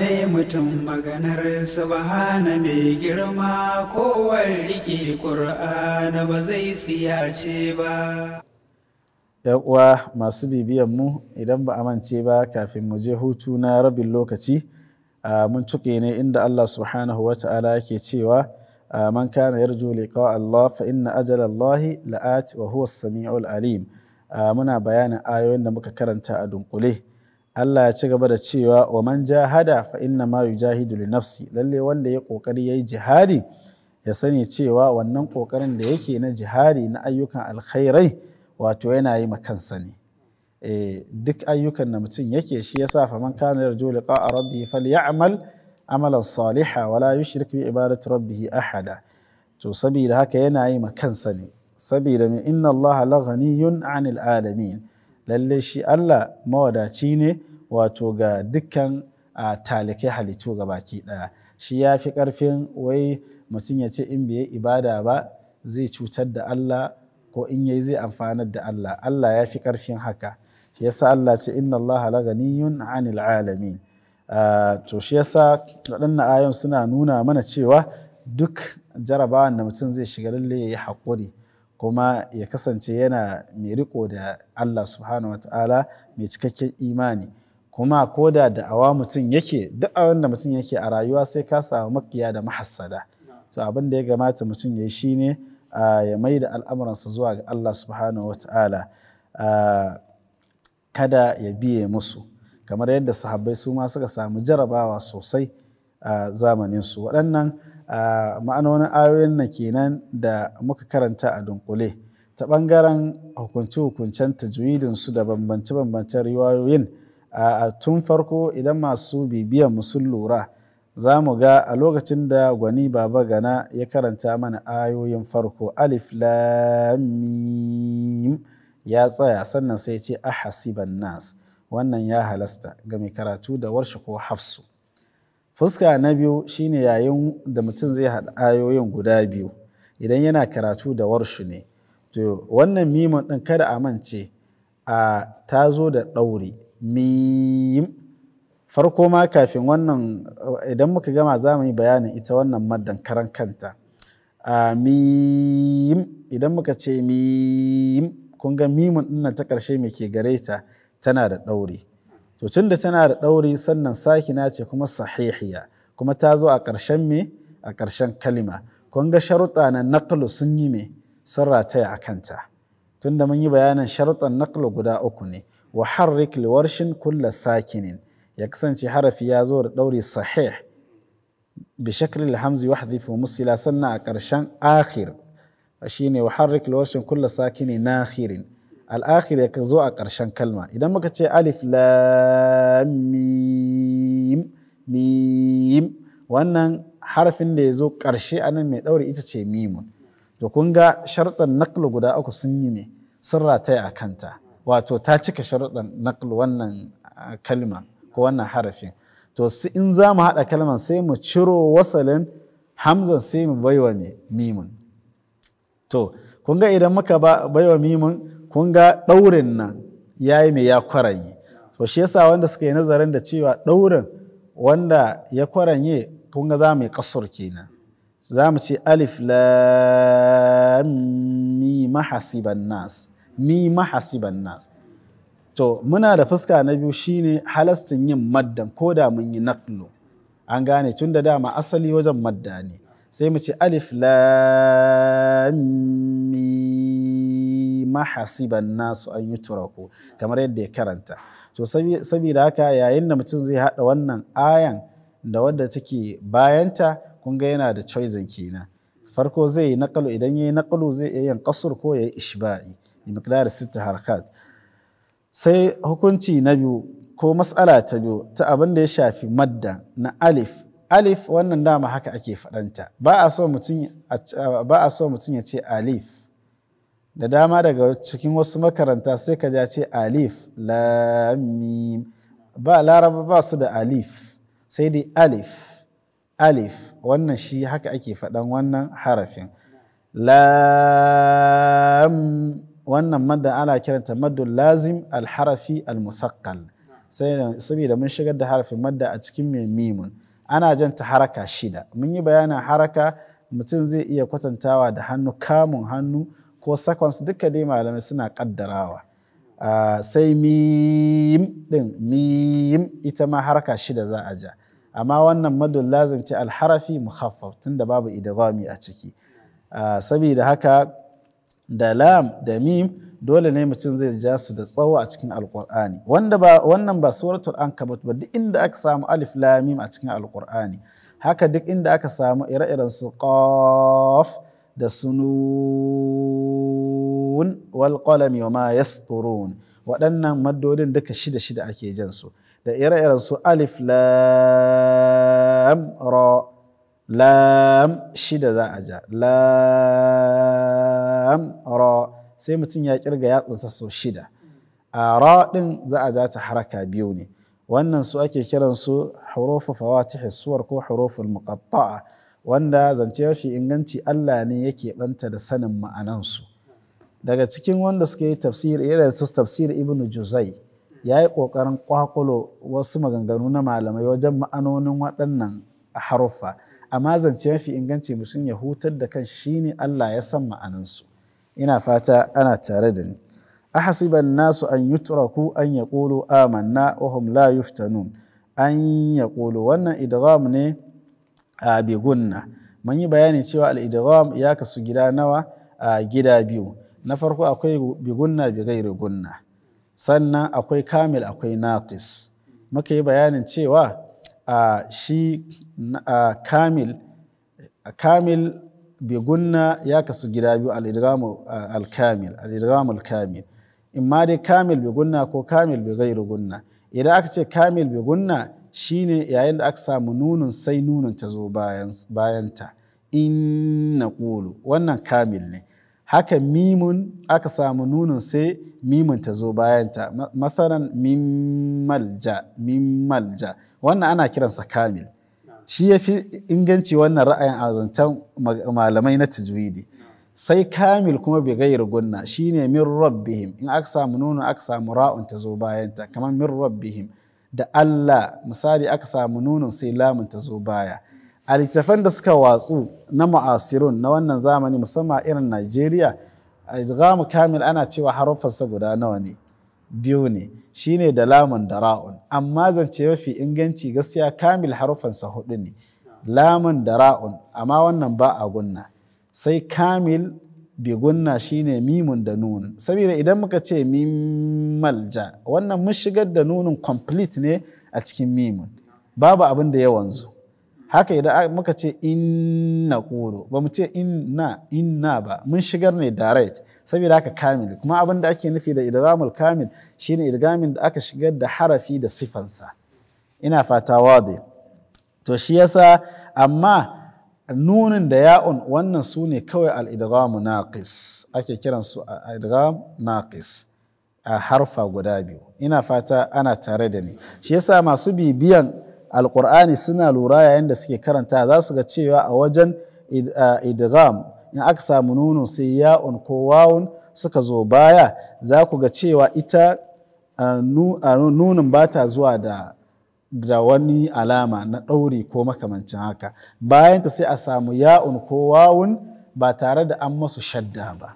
ne mutum maganar subhana mai girma kowar rike ƙur'ana ba zai tsiyace ba uwa masu bibiyan mu idan ba amince ba kafin mu je hutu na rabin lokaci mun tuke ne inda Allah subhanahu wa ta'ala ke cewa man kana yarju liqa Allah fa inna ajal Allah la'at wa huwa as-sami'ul alim muna bayanin ayoyin da muka karanta a dunkule Allah ya ci gaba da cewa wa man jahada fa inna ma yujahidu li nafsi lalle wanda ya kokari yayi jihadi ya sani cewa wannan kokarin da yake na jihadi na ayyukan alkhairai wato yana yi kansa ne eh, duk ayyukan da mutum yake shi yasa fa man kana yarju liqa rabbih falyamal amalan salihan wala yushrik bi ibadati rabbihi ahada to saboda haka yana yi kansa ne saboda min inna allaha la anil alamin lalle shi Allah mawadaci ne wato ga dukkan talikai halittu ga baki ɗaya shi ya fi ƙarfin wai mutum ya ce in bai ibada ba zai cutar da Allah ko in yayi zai amfanar da Allah Allah ya fi ƙarfin haka shi yasa Allah ce inna Allah la ganiyun anil alamin to shi yasa waɗannan ayon suna nuna mana cewa duk jarabawan da mutum zai shiga lalle ya yi haƙuri kuma ya kasance yana mai riko da Allah subhanahu wataala mai cikakken imani kuma ko da da'awa mutum yake duk a wanda mutum yake a rayuwa sai ka samu makiya da mahassada to abin da ya gamata mutum ya yi shi ne ya mai da al'amuransa zuwa ga Allah subhanahu wataala kada ya biye musu kamar yadda sahabbai su ma suka samu jarabawa sosai a zamaninsu waɗannan ma'anonin ayoyin na kenan da muka karanta a dunkule ta ɓangaren hukunce-hukuncen tajwidinsu da bambance-bambancen riwayoyin a tun farko idan masu bibiyan mu sun lura za mu ga a lokacin da gwani baba gana ya karanta mana ayoyin farko alif lamim ya tsaya sannan sai ce a hasiban nas wannan ya halasta ga mai karatu da warshe ko hafsu fuska na biyu shine yayin da mutum zai haɗa ayoyin guda biyu idan yana karatu da warshu ne to wannan mimon ɗin kada a mance a ta zo da ɗauri mim farko ma kafin wannan idan muka gama za mu yi bayanin ita wannan maddan karan kanta a mim idan muka ce mim kun ga mimun ɗin ta ƙarshe mai ke gare ta tana da ɗauri to tun da tana da ɗauri sannan sakina ce kuma sahihiya kuma ta zo a ƙarshen me a ƙarshen kalima kun ga sharuɗa na naƙlu sun yi me sun rataya a kanta tun da mun yi bayanin sharuɗan naƙlu guda uku ne wa harrik liwarshin kulla sakinin ya kasance harafi ya zo da ɗauri sahih bi shakli hamzi wa hadhifu musila sannan a ƙarshen akhir shine wa harrik liwarshin kulla sakinin nakhirin al'akhir ya zo a ƙarshen kalma idan muka ce alif lam mim wannan harafin da ya zo ƙarshe a nan mai ɗaure ita ce mimun to kun ga sharɗan naƙlu guda uku sun yi ne sun rataya a kanta wato ta cika sharuɗan naƙlu wannan kalma ko wannan harafin to in za mu haɗa kalman sai mu ciro wasalin hamzan sai mu baiwa mimun to kun ga idan muka baiwa mimun kun ga ɗaurin nan ya yi mai ya kwaranye to shi yasa wanda suka yi nazarin da cewa ɗaurin wanda ya kwaranye kun ga za mu yi kasur kenan za mu ce alif la mi mahasiban nas mi mahasiban nas to muna da fuska na biyu shine halastin yin maddan ko da mun yi naklo an gane tun da dama asali wajen madda ne sai mu ce alif la mi ma hasiban nasu an yi yutraku kamar yadda ya karanta to saboda haka yayin da mutum zai haɗa wannan ayan da wadda take bayanta kun ga yana da choice kenan farko zai yi naƙalu idan yayi naƙalu zai iya yin qasr ko ya yayi ishba'i bi miqdar sitta harakat sai hukunci na biyu ko matsala ta biyu ta abin da ya shafi madda na alif alif wannan dama haka ake faɗanta ba a so mutum ya ce alif da dama daga cikin wasu makaranta sai ka ja ce alif lamim ba laraba ba su da alif sai dai alif alif wannan shi haka ake faɗan wannan harafin lam wannan madda ana kiranta maddul lazim alharafi sai saboda mun shigar da harafin madda a cikin mai mimun ana janta haraka shida mun yi bayanin haraka mutum zai iya kwatantawa da hannu kamun hannu ko seconds duka dai malamai suna kaddarawa ah, sai mim din mim ita ma harka shida za a ja amma wannan madun lazimci alharafi muhaffaf tunda babu idghami a ciki ah, saboda haka da lam da mim dole ne mutum zai ja su da tsawo a cikin alqur'ani wanda ba wannan ba suratul ankabut ba duk inda aka samu alif lam mim a cikin alkur'ani haka duk inda aka samu ire-iren su qaf da sunun wal wa ma yasturun waɗannan maddodin duka shida shida ake jan su da ire-iren su alif lam ra lam shida za a ja lam ra sai mutum ya kirga tsinsa sau shida a ra ɗin za a ja ta haraka biyu ne wannan su ake kiransu hurufu fawatih suwar ko huruful muqatta'a wanda zance mafi inganci Allah ne yake ɓanta da sanin ma'anansu daga cikin wanda suka yi tafsir irin su tafsir ibnu juzai ya yi ƙoƙarin ƙwaƙwalo wasu maganganu na malamai wajen ma'anonin waɗannan haruffa amma zance mafi inganci musun ya hutar da kan shi ne Allah ya san ma'anansu ina fata ana tare da ni hasiban nasu an turaku, an yaqulu amanna wa la yuftanun an yaqulu wannan idgham ne a begunna mun yi bayani cewa al’idawam ya kasu gida nawa a gida biyu na farko akwai begunna bi sannan akwai kamil akwai naqis muka yi bayanin cewa a shi kamil kamil begunna ya kasu gida biyu alidawam al kamil in ma dai kamil begunna ko kamil bi idan aka ce kamil begunna shine yayin da aka samu nunun sai nunun ta zo bayanta in na ƙulu wannan kamil ne haka mimun aka samu nunun sai mimun ta zo bayanta masaran mimmalja mimmalja wannan ana kiransa kamil shi ya fi inganci wannan ra'ayin azantan malamai na tajwidi sai kamil kuma bai gairi gunna shine min rabbihim in aka samu nunin aka samu ra'un ta zo bayanta kamar min rabbihim da Allah misali aka samu nunun sai lamun ta zo baya a littattafan da suka watsu na ma'asirun na wannan zamani musamman irin Najeriya idgham kamil ana cewa harufansa guda nawa ne biyu ne shine da lamun da ra'un amma zance mafi inganci gaskiya kamil harufansa hudu ne lamun da ra'un amma wannan ba a gunna sai kamil bigunna shine mimun da nun saboda idan muka ce min malja wannan mun shigar da nunin complete ne a cikin mimun babu abin da ya wanzu haka idan muka ce inna kuro ba mu ce inna inna ba mun shigar ne direct saboda haka kamil kuma abin da ake nufi da idgamul kamil shine idgamin da aka shigar da harafi da sifansa ina fata wadi to shi yasa amma nunin da ya'un wannan su ne kawai al'idghamu naqis ake kiransu al'idgham naqis a harfa guda biyu ina fata ana tare da ni shi yasa masu bibiyan alƙur'ani suna lura yayin da suke karanta za su ga cewa a wajen idram in aka samu nunin sai ya'un ko wawun suka zo baya za ku ga cewa ita nunin ba ta zuwa da da wani alama na ɗauri ko makamancin haka bayan ta sai a samu ya'un ko wawun ba tare da an masu shadda ba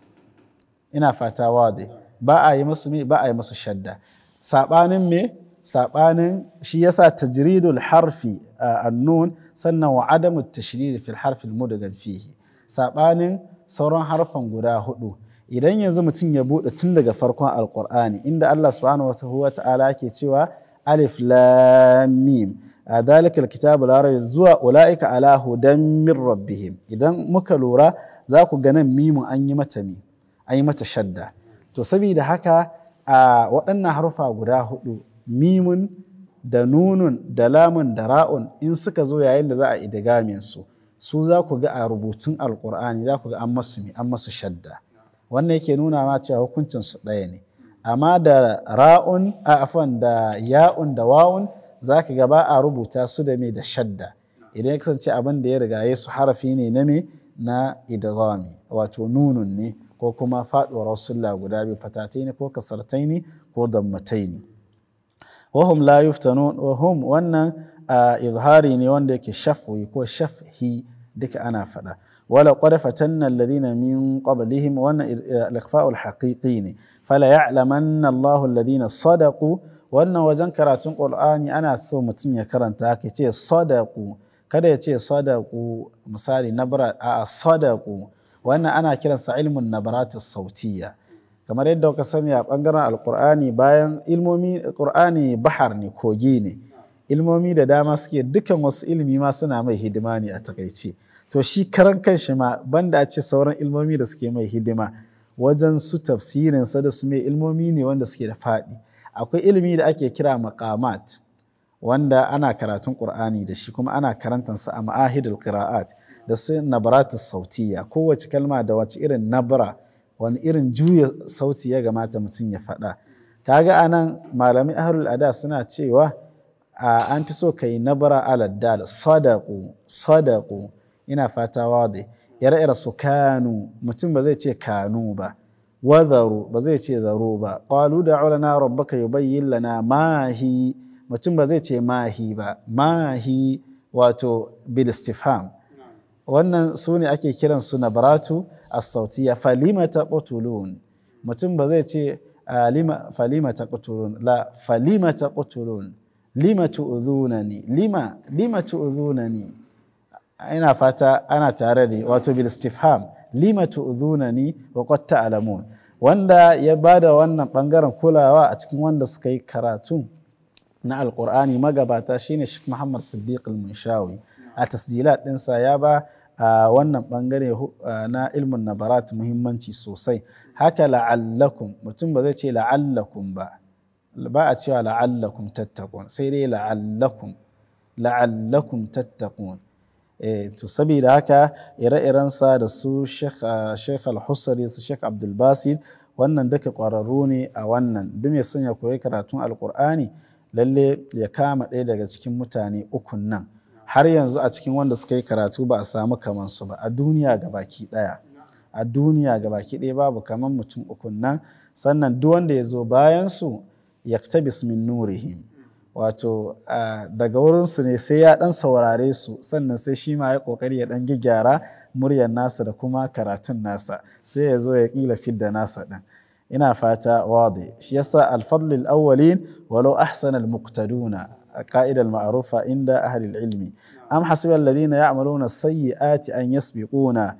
ina fata wade ba a yi masu ba a yi masu shadda saɓanin me saɓanin shi yasa tajridul harfi annun sannan wa adamu tashridi fil harfi mudghal fihi saɓanin sauran harfan guda hudu idan yanzu mutum ya buɗe tun daga farkon alqur'ani inda Allah subhanahu wa ta'ala ke cewa alif lam mim a dalikal kitabu larabi zuwa ula'ika ala hudan min rabbihim idan muka lura za ku ga nan mimu an yi mata mi an yi mata shadda to saboda haka a waɗannan harufa guda hudu mimun da nunun da lamun da ra'un in suka zo yayin da za a idigamin su su za ku ga a rubutun alkur'ani za ku ga an masu mi an masu shadda wannan yake nuna ma cewa hukuncin su ɗaya ne amma da ra'un afan da ya'un da wa'un za ka gaba a rubuta su da me da shadda idan ya kasance abin da ya riga ya su harafi ne na me na idgami wato nunun ne ko kuma faɗuwa sulla guda biyu ne ko ne ko dammataini wahum la yuftanun wahum wannan izhari ne wanda yake shafwi ko shafhi duka ana faɗa wala qad fatanna alladhina min qablihim wannan al ikhfa al-haqiqi ne fala ya'lamanna Allahu alladhina sadaqu wannan wajen karatun Qur'ani ana so mutum ya karanta haka ce sadaqu kada ya ce sadaku misali nabra a sadaku wannan ana kiransa ilmun nabarat sautiyya kamar yadda kuka sani a bangaren alqur'ani bayan ilmomi qur'ani bahar ne kogi ne ilmomi da dama suke dukkan wasu ilmi ma suna mai hidima ne a takaice to shi karan kanshi ma banda a ce sauran ilmomi da suke mai hidima wajen su tafsirin sa da su mai ilmomi ne wanda suke da faɗi akwai ilimi da ake kira maqamat wanda ana karatun qur'ani da shi kuma ana karantar su a ma'ahidul qira'at da su nabaratu sautiya kowace kalma da wace irin nabra wani irin juya sauti ya gamata mutum ya faɗa kaga anan malami ahlul ada suna cewa an fi so kai nabra aladdal sadaqu sadaqu ina fata wadi ire-ire su kanu mutum ba zai ce kanu ba wadaru ba zai ce zaro ba na da lana rabbaka bayyin lana mahi mutum ba zai ce mahi ba mahi wato bil wannan su ne ake kiran su na baratu a sautiyya falima ƙutulun mutum ba zai ce falima ƙutulun la falima ƙutulun lima tu'dhunani lima lima ina fata ana tare ne wato bil istifham lima tu'dhunani wa qad ta'lamun wanda ya bada wannan bangaren kulawa a cikin wanda suka yi karatun na alqur'ani magabata shine Sheikh Muhammad Siddiq al-Munshawi a tasdilat ɗinsa ya ba a wannan bangare na ilmin nabarat muhimmanci sosai haka la'allakum mutum ba zai ce la'allakum ba ba a cewa la'allakum tattakun sai dai la'allakum la'allakum Eh, to saboda haka ire-irensa da su Sheikh ah, Al-Husari su Sheikh Abdul wannan duka ƙwararru ne a wannan duk mai son ya koyi karatun alkur'ani lalle ya kama ɗaya daga cikin mutane ukun nan har yanzu a cikin wanda suka yi karatu ba a samu kaman su ba a duniya baki ɗaya a duniya baki ɗaya babu kaman mutum ukun nan sannan duk wanda ya zo bayan su yaktabis min nurihim wato daga wurinsu ne sai ya ɗan saurare su sannan sai shi ma ya ƙoƙari ya ɗan gyara muryar nasa da kuma karatun nasa sai ya zo ya ƙila fidda nasa ɗin ina fata wadi shi yasa alfadlul awwalin walau ahsana almuqtaduna قائد المعروفة عند أهل العلم أم حسب الذين يعملون السيئات أن يسبقون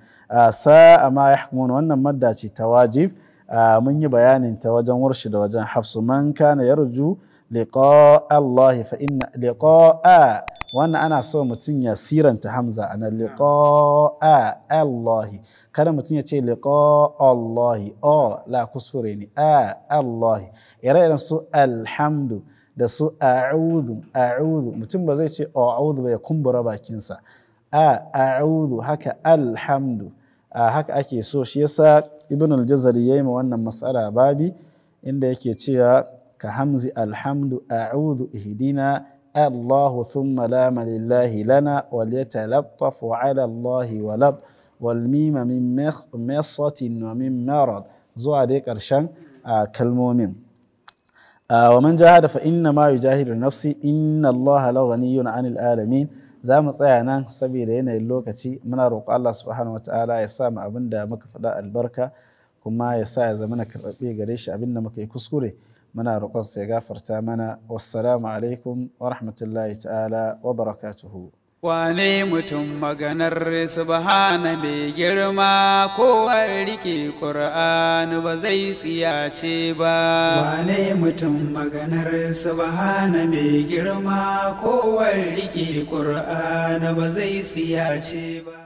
ساء ما يحكمون وأن مدة تواجب من يبيان تواجن ورشد وجن حفص من كان يرجو liqa Allah fa inna a wannan ana so mutum ya siranta hamza ana a Allah kada mutum ya ce liqa Allah o la kusure ne a Allah ire-iren su alhamdu da su a'udhu a'udhu mutum ba zai ce a'udhu ba ya kumbura bakinsa a a'udhu haka alhamdu a haka ake so shi yasa ibn al-jazari yayi ma wannan mas'ala babi inda yake cewa ka hamzi alhamdu a cudu ihdina allahu thumma la malillahi lana walyatalatf wacala allahi walab walmima min mesatin wa min marad zuwa dai karshen kalmomin wa man jahada fa inna ma yujahidu nafsi inna allaha la ghaniyyun anil alamin za mu tsaya nan saboda yanayin lokaci muna roƙo Allah subhanahu wataala ya sa mu abinda muka faɗa albarka kuma ya sa ya zama na karɓaɓɓe gare shi abinda muka yi kuskure muna roƙonsa ya gafarta mana wassalamu alaikum wa rahmatullahi ta'ala wa barakatuhu wane mutum maganar subhana mai girma kowar rike ƙur'ani ba zai tsiyace ba wane mutum maganar subhana mai girma kowar rike ƙur'ani ba zai tsiyace ba